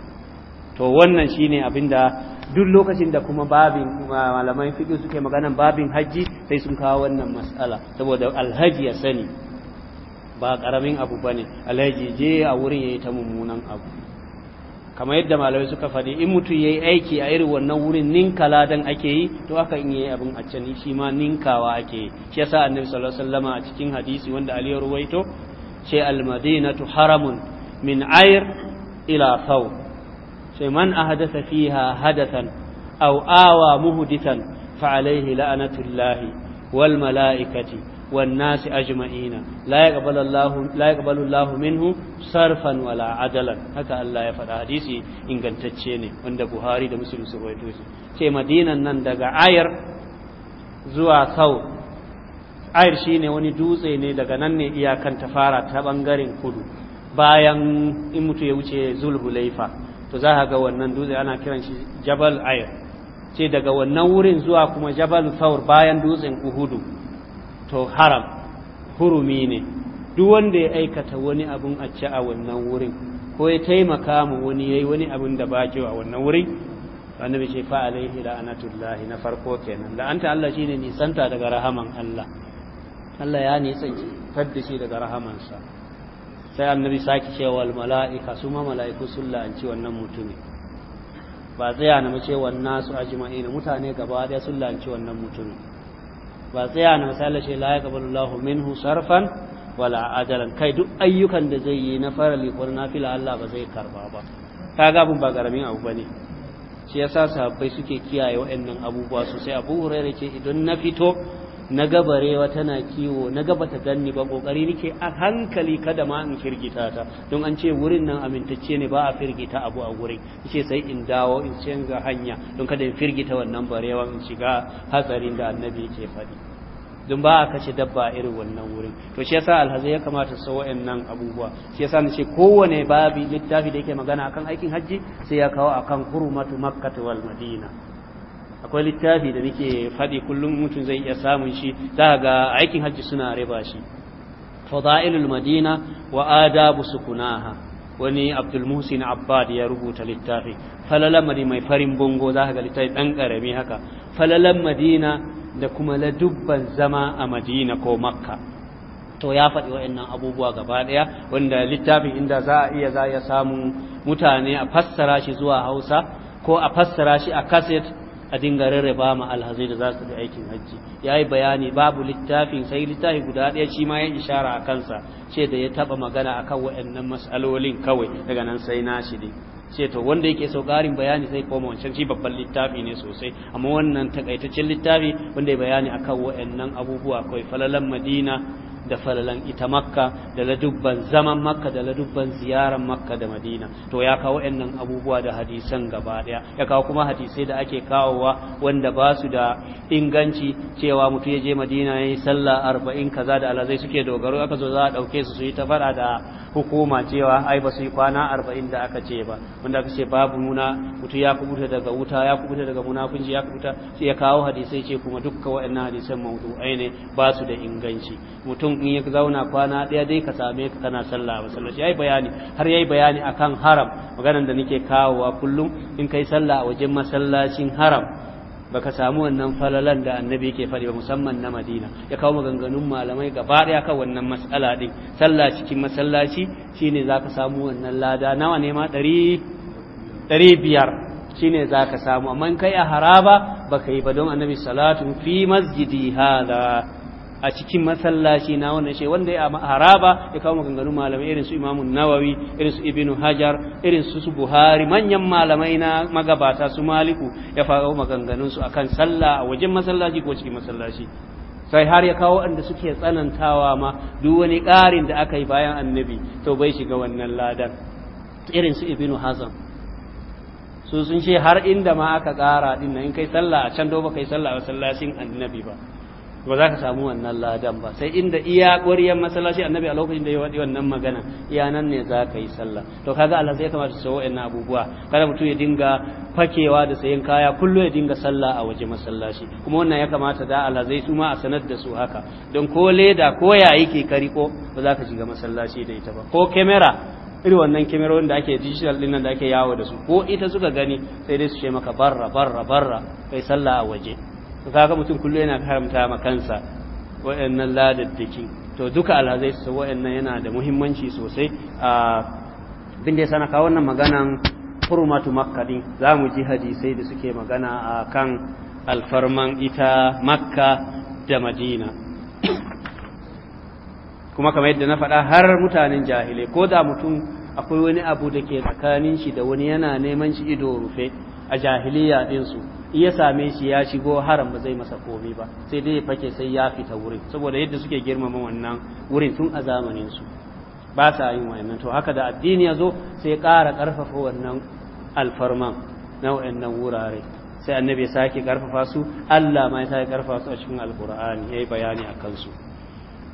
to wannan shine abinda duk lokacin da kuma babin malaman fiqh suke magana babin haji sai sun kawo wannan mas'ala saboda alhaji ya sani ba karamin abu bane alhaji je a wurin yayi ta mummunan abu kamar yadda malamai suka faɗi in mutum yayi aiki a irin wannan wurin ninka dan ake yi to aka in yayi abin a can shi ma ninkawa ake yi shi yasa annabi sallallahu alaihi wasallama a cikin hadisi wanda Ali ya ruwaito ce al-madinatu haramun min ayr ila thaw sai man ahdatha fiha hadathan aw awa muhdithan fa alaihi la'natullahi wal mala'ikati والناس أجمعين لا يقبل الله لا يقبل الله منه صرفا ولا عدلا هكا الله يفعل حديثي إن كنت تشيني عند بخاري ده مسلم سويتوسي ce madinan nan daga ayar zuwa sau ayar shine wani dutse ne daga nan ne iyakan ta fara ta bangaren kudu bayan in mutu ya wuce zulhulaifa to za ka ga wannan dutse ana kiran shi jabal ayar ce daga wannan wurin zuwa kuma jabal saur bayan dutsen uhudu to haram hurumi ne duk wanda ya aikata wani abun a ci a wannan wurin ko ya taimaka mu wani yayi wani abun da ba kyau a wannan wuri annabi ce fa alaihi la'anatullahi na farko kenan la'anta Allah shine nisanta daga rahaman Allah Allah ya nisanci fadda shi daga rahamansa sai annabi saki cewa wal mala'ika su ma mala'iku sun la'anci wannan mutumin ba tsaya na mace wannan su ajma'ina mutane gaba daya sun la'anci wannan mutumin ba tsaya na misali shi la yaqbalu Allahu minhu sarfan wala ajalan kai duk ayyukan da zai yi na fara ko na fila Allah ba zai karba ba kaga abun ba karamin abu bane shi yasa sahabbai suke kiyaye waɗannan abubuwa sosai Abu Hurairah ce idan na fito na gabarewa tana kiwo na gaba ta ganni ba kokari nake a hankali kada ma in firgita ta don an ce wurin nan amintacce ne ba a firgita abu a wurin nake sai in dawo in canza hanya don kada in firgita wannan barewa in shiga hatsarin da annabi ke faɗi don ba a kashe dabba irin wannan wurin to shi yasa alhazai ya kamata su wayannan abubuwa shi yasa nace kowane babi littafi da yake magana akan aikin hajji sai ya kawo akan hurumatu makkah wal madina akwai littafi da nake faɗi kullum mutum zai iya samun shi za ga aikin hajji suna riba shi fadailul madina wa adabu sukunaha wani abdul abbad ya rubuta littafi falalan mai farin bongo za ga littafi dan karami haka falalan madina da kuma ladubban zama a madina ko makka to ya faɗi waɗannan abubuwa gaba ɗaya wanda littafin inda za a iya za ya samu mutane a fassara shi zuwa hausa ko a fassara shi a kaset a dinga rarraba ma alhazai da za su bi aikin hajji ya yi bayani babu littafin sai littafi guda ɗaya shi ma ya ishara a kansa ce da ya taba magana a kan waɗannan matsalolin kawai daga nan sai na shi ne ce to wanda yake so ƙarin bayani sai koma wancan shi babban littafi ne sosai amma wannan takaitaccen littafi wanda ya bayani akan wayannan abubuwa kawai falalan madina da falalan ita makka da ladubban zaman makka da ladubban ziyaran makka da madina to ya kawo wayannan abubuwa da hadisan gaba ɗaya ya kawo kuma hadisai da ake kawowa wanda ba su da inganci cewa mutum ya je madina ya yi sallah arba'in kaza da alazai suke dogaro aka zo za a ɗauke su su yi ta fara da hukuma cewa ai ba su yi kwana arba'in da aka ce ba wanda aka ce babu muna mutu ya kubuta daga wuta ya kubuta daga munafunci ya kubuta sai ya kawo hadisai ce kuma dukkan wa'annan hadisan mawdu'ai ne ba su da inganci mutum in ya zauna kwana daya dai ka same ka kana sallah ba sallah yayi bayani har yayi bayani akan haram maganar da nake kawowa kullum in kai sallah a wajen masallacin haram baka samu wannan falalan da annabi yake faɗi ba musamman na madina ya kawo maganganun malamai gaba ɗaya kan wannan matsala ɗin sallah cikin masallaci shine za ka samu wannan lada nawa ne ma ɗari biyar shine za ka samu amma kai a haraba baka yi ba don annabi salatu fi masjidi hada a cikin masallaci na wannan shi wanda ya a haraba ya kawo maganganu malamai irin su imamu nawawi irin su ibnu hajar irin su buhari manyan malamai na magabata su maliku ya faɗo maganganun su akan sallah a wajen masallaci ko cikin masallaci sai har ya kawo wanda suke tsanantawa ma duk wani ƙarin da aka yi bayan annabi to bai shiga wannan ladan irin su ibnu hazan su sun ce har inda ma aka ƙara din in kai sallah a can do kai sallah a masallacin annabi ba ba za ka samu wannan ladan ba sai inda iya ƙwariyar masallaci annabi a lokacin da ya waɗi wannan magana iya nan ne za ka yi sallah to kaga Allah sai ya kamata su wa'annan abubuwa kada mutum ya dinga fakewa da sayin kaya kullum ya dinga sallah a waje masallaci kuma wannan ya kamata da Allah zai su ma a sanar da su haka don ko leda ko ya yake kari ko ba za ka shiga masallaci da ita ba ko kamera irin wannan kyamarorin da ake digital dinnan da ake yawo da su ko ita suka gani sai dai su ce maka barra barra barra kai sallah a waje to kaga mutum kullu yana haramta ma kansa waɗannan ladaddaki to duka alhazai su wayannan yana da muhimmanci sosai a bin da ya wannan maganan hurmatu makka din za mu ji hadisai da suke magana a kan alfarman ita makka da madina kuma kamar yadda na faɗa har mutanen jahilai ko da mutum akwai wani abu da ke tsakanin shi da wani yana neman shi ido rufe a jahiliya ɗinsu iya same shi ya shigo haram ba zai masa komai ba sai dai ya fake sai ya fita wurin saboda yadda suke girmama wannan wurin tun a zamanin su ba sa yin wayannan to haka da addini ya zo sai ya ƙara ƙarfafa wannan alfarman na wayannan wurare sai annabi ya sake ƙarfafa su Allah ma ya sake ƙarfafa su a cikin alqur'ani yayi bayani akan su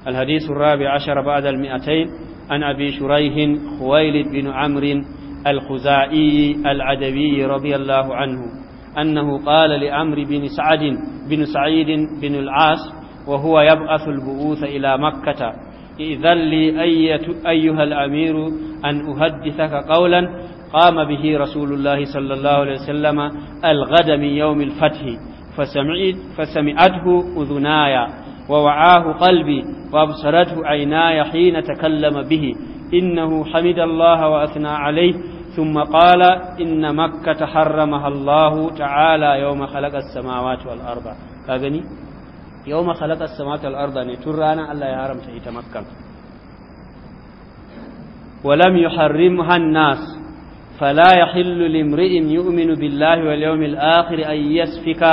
الحديث الرابع عشر بعد المئتين عن أبي شريح خويلد بن عمرو الخزائي العدوي رضي الله عنه أنه قال لعمرو بن سعد بن سعيد بن العاص وهو يبعث البعوث إلى مكة إذن لي أية- أيها الأمير أن أحدثك قولا قام به رسول الله صلى الله عليه وسلم الغد من يوم الفتح فسمعت فسمعته أذناي ووعاه قلبي وأبصرته عيناي حين تكلم به إنه حمد الله وأثنى عليه ثم قال إن مكة حرمها الله تعالى يوم خلق السماوات والأرض كاغني يوم خلق السماوات والأرض نترانا يعني الله يحرم تهيت مكة ولم يحرمها الناس فلا يحل لامرئ يؤمن بالله واليوم الآخر أن يسفك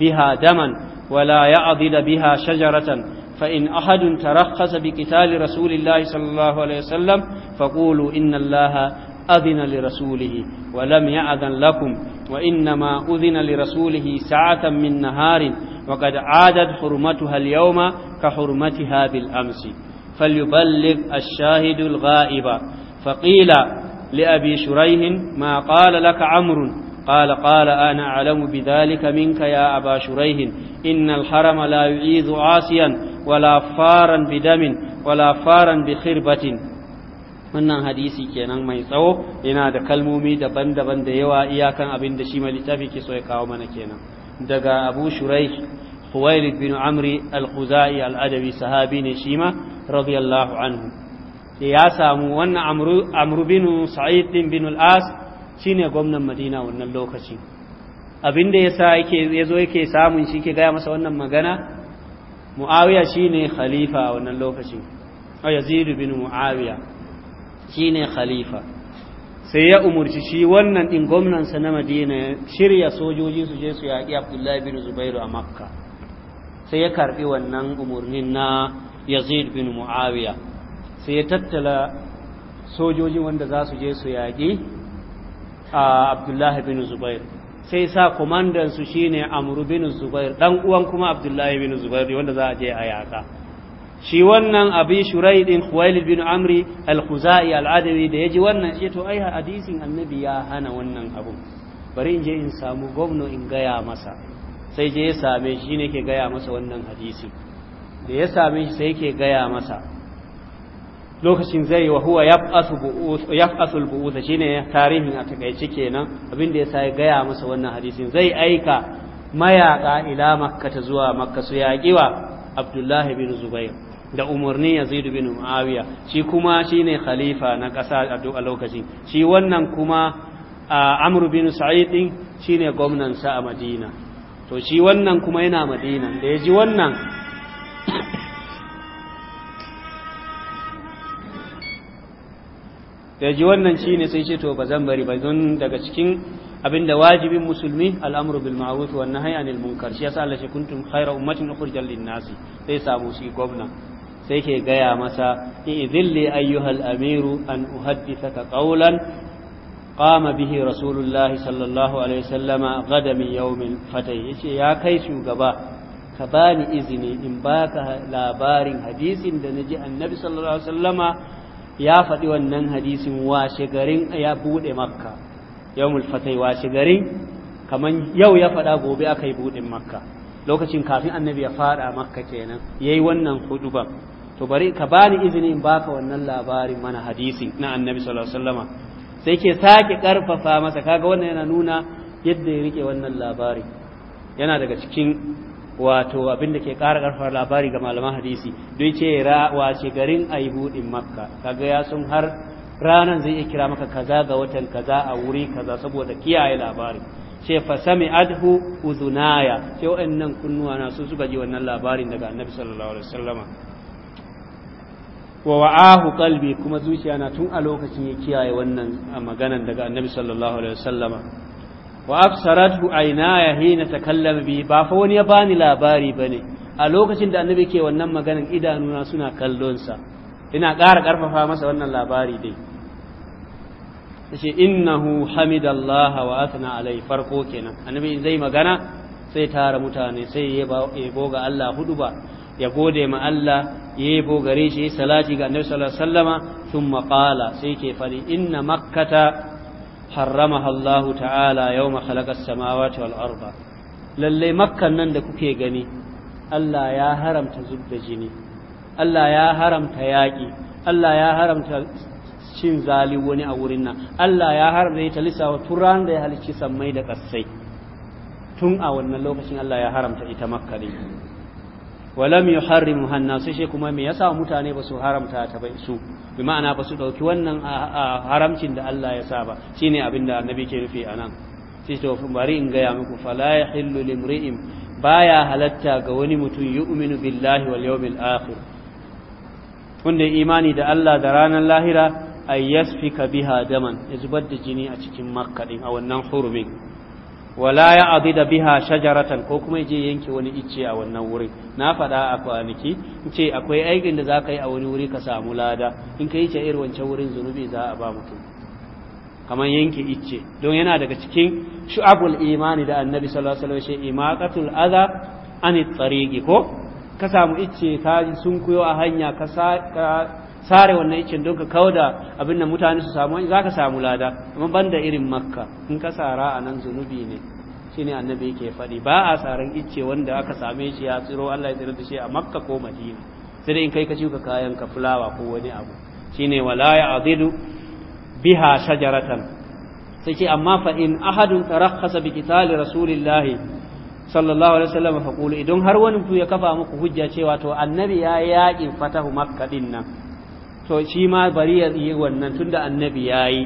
بها دما ولا يعضد بها شجرة فإن أحد ترخص بقتال رسول الله صلى الله عليه وسلم فقولوا إن الله أذن لرسوله ولم يأذن لكم وإنما أذن لرسوله ساعة من نهار وقد عادت حرمتها اليوم كحرمتها بالأمس فليبلغ الشاهد الغائب فقيل لأبي شريه ما قال لك عمرو قال قال أنا أعلم بذلك منك يا أبا شريه إن الحرم لا يعيذ عاصيا ولا فارا بدم ولا فارا بخربة wannan hadisi kenan mai tsawo yana da kalmomi daban-daban da yawa iyakan abin da shi mai littafi ke so ya kawo mana kenan daga abu shurai huwailid bin amri al-khuzai al-adawi sahabi ne shi ma radiyallahu anhu ya samu wannan amru bin sa'id din bin al-as shine gwamnan madina wannan lokaci abin da yasa yake yazo yake samun shi ke gaya masa wannan magana muawiya shine khalifa a wannan lokacin yazid bin muawiya Shi ne khalifa sai ya umurci shi wannan ɗin gwamnansa na madina shirya sojoji su je su yaƙi abdullahi bin zubairu a makka sai ya karɓi wannan umarnin na yazid bin mu'awiya sai ya tattala sojoji wanda za su je su yaƙi a abdullahi bin zubairu sai sa komandansu ne amru bin Zubairu ɗan uwan kuma abdullahi bin Zubairu wanda za a je a yaƙa shi wannan abi shurai din khuwailid bin amri al-khuzai al-adawi da yaji wannan ce to ai hadisin annabi ya hana wannan abu bari in je in samu gwamna in gaya masa sai je ya same shi ne ke gaya masa wannan hadisi da ya same shi sai yake gaya masa lokacin zai wa huwa yaf'asu al-bu'uth shine tarihin a takaice kenan abin da ya gaya masa wannan hadisin zai aika mayaka ila makka ta zuwa makka su yaƙiwa abdullahi bin zubair da umarni yazid bin muawiya shi kuma shine khalifa na ƙasa a lokacin shi wannan kuma amr bin sa'id din shine gwamnan sa a madina to shi wannan kuma yana madina da ya ji wannan da ji wannan shi ne sai ce to ba zan bari ba don daga cikin abinda wajibin musulmi al'amuru bil ma'ruf wa nahyi anil munkar shi yasa Allah shi kuntum khayra ummatin ukhrijal lin nasi sai samu shi gwamna sai ke gaya masa idhilli ayyuhal amiru an uhaddithaka qawlan qama bihi rasulullahi sallallahu alaihi wasallama gada min yawmil fatay yace ya kai shugaba ka bani izini in baka labarin hadisin da naji annabi sallallahu alaihi wasallama ya faɗi wannan hadisin washe garin ya bude makka yawmul fatay washe garin kaman yau ya faɗa gobe aka yi buɗin makka lokacin kafin annabi ya fara makka kenan yayi wannan huduban to bari ka bani izini in baka wannan labarin mana hadisi na annabi sallallahu alaihi wasallam sai ke sake karfafa masa kaga wannan yana nuna yadda ya rike wannan labari yana daga cikin wato abin da ke ƙara ƙarfafa labari ga malaman hadisi don ce wace garin a yi makka kaga ya sun har ranar zai iya kira maka kaza ga watan kaza a wuri kaza saboda kiyaye labari ce fa sami adhu uzunaya ce wa'annan kunnuwa na su suka ji wannan labarin daga annabi sallallahu alaihi wasallama wa wa'ahu qalbi kuma zuciya na tun a lokacin ya kiyaye wannan maganan daga annabi sallallahu alaihi wasallama wa absaratu aynaya hina takallama bi ba fa wani ya bani labari bane a lokacin da annabi ke wannan maganan idanuna suna kallonsa. sa ina ƙara ƙarfafa masa wannan labari dai yace innahu hamidallaha wa athna alai farko kenan annabi zai magana sai tara mutane sai ya yabo ga Allah hudu ba ya gode ma Allah ya yi bogare shi salati ga annabi sallallahu alaihi wasallama thumma qala sai ke fari inna makkata harrama Allah ta'ala yawma khalaqa as-samawati wal arda lalle makkan nan da kuke gani Allah ya haramta zubda jini Allah ya haramta yaƙi Allah ya haramta cin zali wani a wurin nan Allah ya haramta ta wa turan da ya halicci sammai da kassai tun a wannan lokacin Allah ya haramta ita makka walam yuharrimu hanna sai shi kuma me yasa mutane ba su haramta ta bai su bi ma'ana ba su ɗauki wannan haramcin da Allah ya sa ba shine abin da annabi ke nufi anan sai to bari in gaya muku fala yahillu limri'in baya halatta ga wani mutum yu'minu billahi wal yawmil akhir wanda imani da Allah da ranar lahira ay yasfika biha daman ya zubar da jini a cikin makaɗin, a wannan hurumin wala ya da biha shajaratan ko kuma je yanke wani icce a wannan wuri na faɗa a kwanaki in ce akwai aikin da za ka yi a wani wuri ka samu lada in ka yi ce irin wancan wurin zunubi za a ba mutum kamar yanke icce don yana daga cikin shu'abul imani da annabi sallallahu alaihi wasallam imaqatul adha anit tariqi ko ka samu icce ka sun a hanya ka sare wannan icen don ka kauda abin da mutane su samu za ka samu lada amma banda irin makka in ka sara a nan zunubi ne shine annabi yake faɗi ba a saran icce wanda aka same shi ya tsiro Allah ya tsira da shi a makka ko madina sai dai in kai ka shuka kayan ka fulawa ko wani abu shine wala ya'didu biha shajaratan sai ce amma fa in ahadun tarakhasa bi qitali rasulillahi sallallahu alaihi wasallam fa qulu idan har wani ku ya kafa muku hujja cewa to annabi ya yaƙin fatahu makka din nan to shi ma bari ya yi wannan tunda annabi yayi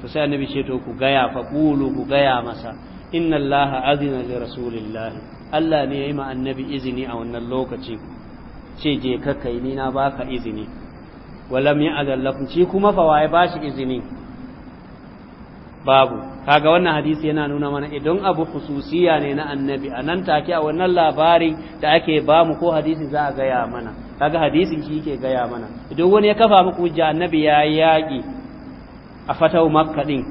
to sai annabi ce to ku gaya fa qulu ku gaya masa inna allaha azina li rasulillah Allah ne yayi ma annabi izini a wannan lokaci ce je ka kai ni na baka izini walam ya'zan shi kuma fa waye bashi izini babu kaga wannan hadisi yana nuna mana idan abu khususiya ne na annabi anan take a wannan labarin da ake ba mu ko hadisi za a gaya mana kaga hadisin shi yake gaya mana idan wani ya kafa muku hujja annabi ya yaki. a fatau makka din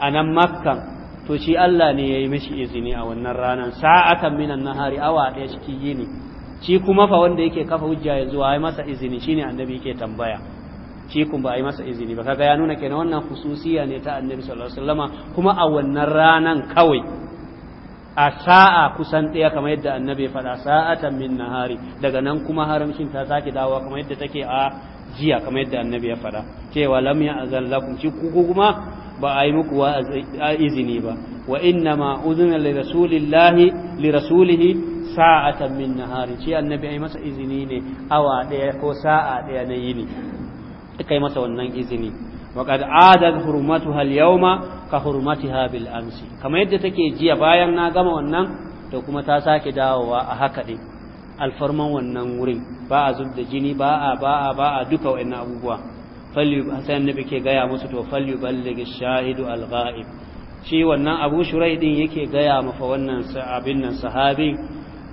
anan nan makkan to shi Allah ne yayi mishi izini a wannan ranar sa'atan minan nahari awa daya shi yini shi kuma fa wanda yake kafa hujja yanzu zuwa masa izini shine annabi yake tambaya shi kun ba a yi masa izini ba kaga ya nuna kenan wannan hususiya ne ta annabi sallallahu alaihi wasallama kuma a wannan ranan kawai a sa'a kusan ɗaya kamar yadda annabi ya faɗa sa'atan min nahari daga nan kuma haramcin ta sake dawowa kamar yadda take a jiya kamar yadda annabi ya faɗa cewa lam ya shi ku kuma ba a yi muku wa izini ba wa inna ma uzina li rasulillahi li rasulihi sa'atan min nahari shi annabi yi masa izini ne awa daya ko sa'a daya na yini suka yi masa wannan izini wa qad adat hurmatuha al-yawma ka hurmatiha bil amsi kamar yadda take jiya bayan na gama wannan to kuma ta sake dawowa a haka din alfarman wannan wurin ba a zub da jini ba a ba a ba a duka wa'annan abubuwa falyu ke gaya musu to falyu balligi shahidu al-ghaib shi wannan abu shurai din yake gaya mafa wannan abin nan sahabi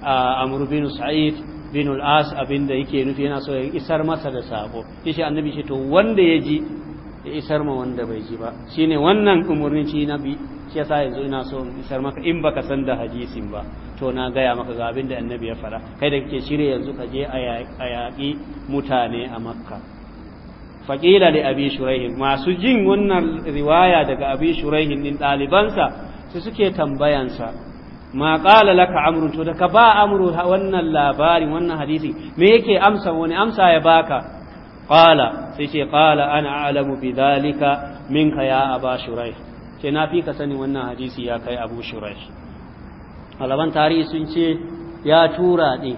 amr bin sa'id bin al-as abinda yake nufi yana so ya isar masa da sako shi annabi shi to wanda ya ji ya isar ma wanda bai ji ba shine wannan umurnin shi nabi shi yasa yanzu ina so in isar maka in baka san da hadisin ba to na gaya maka ga da annabi ya fara kai da kake shirye yanzu ka je a yaƙi mutane a makka faƙila da abi shuraihin masu jin wannan riwaya daga abi shuraihin din ɗalibansa su suke tambayansa ma qala laka amrun to daga ba amru wannan labarin wannan hadisi me yake amsa wani amsa ya baka qala sai ce qala ana a'lamu bi dhalika minka ya aba shurai ce na fi ka sani wannan hadisi ya kai abu shurai malaman tarihi sun ce ya tura ne.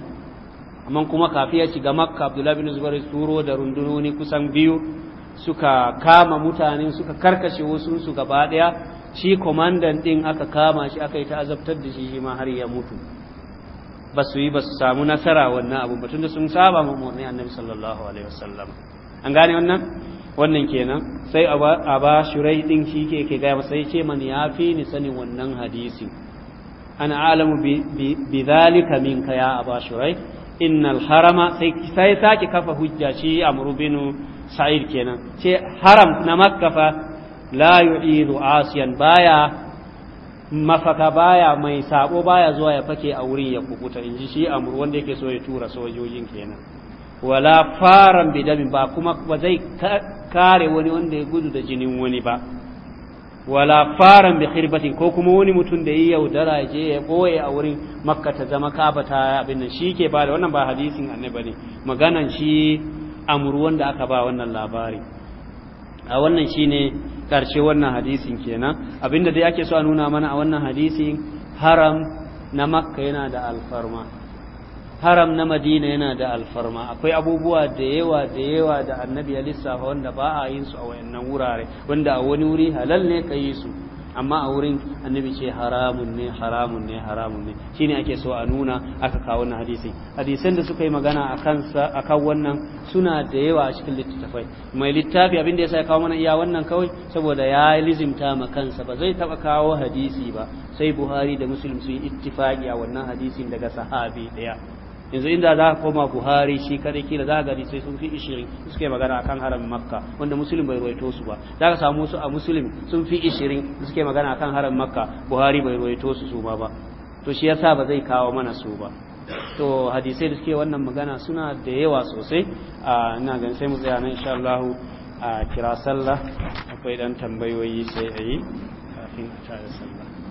amma kuma kafin ya shiga makka abdullahi bin zubair turo da rundunoni kusan biyu suka kama mutanen suka karkashe wasu su gaba ɗaya shi komandan din aka kama shi aka yi ta azabtar da shi shi ma har ya mutu ba su yi ba su samu nasara wannan abu batun da sun saba mu murni annabi sallallahu alaihi wasallam an gane wannan wannan kenan sai a ba shurai din shi ke ke gaya sai ce man ya fi ni sanin wannan hadisi ana alamu bi zalika minka ya aba shurai innal harama sai sai sake kafa hujja shi amru binu sa'id kenan ce haram na makka fa la yu'idu asiyan baya mafaka baya mai sabo baya zuwa ya fake a wurin ya kubuta inji shi amur wanda yake so ya tura sojojin kenan wala faran bidamin ba kuma ba zai kare wani wanda ya gudu da jinin wani ba wala faran bi khirbatin ko kuma wani mutum da ya yaudara je ya boye a wurin makka ta zama kaba ta abin nan shi ke ba da wannan ba hadisin annabi ne maganan shi amur wanda aka ba wannan labari a wannan shine Karshe wannan hadisin kenan abinda dai ake so a nuna mana a wannan hadisin haram na makka yana da alfarma haram na madina yana da alfarma akwai abubuwa da yawa da yawa da annabi ya lissafa wanda ba a yin su a wayannan wurare wanda a wani wuri halal ne ka yi su amma a wurin annabi ce haramun ne haramun ne haramun ne shine ake so a nuna aka kawo wannan hadisi hadisan da suka yi magana a kansa wannan suna da yawa a cikin littattafai mai littafi abin da ya ya kawo mana iya wannan kawai saboda ya lizimta ma kansa ba zai taba kawo hadisi ba sai Buhari da Muslim sun yi ittifaqi a wannan hadisin daga sahabi daya yanzu inda za koma buhari shi kare kila za gari sai sun fi ishirin suke magana akan haramin makka wanda musulun bai ruwaito su ba za ka samu su a musulun sun fi ishirin suke magana akan haramin makka buhari bai ruwaito su su ba ba to shi yasa ba zai kawo mana su ba to hadisai da suke wannan magana suna da yawa sosai a ina ganin sai mu tsaya nan insha Allah a kira sallah akwai dan tambayoyi sai ayi kafin a tare sallah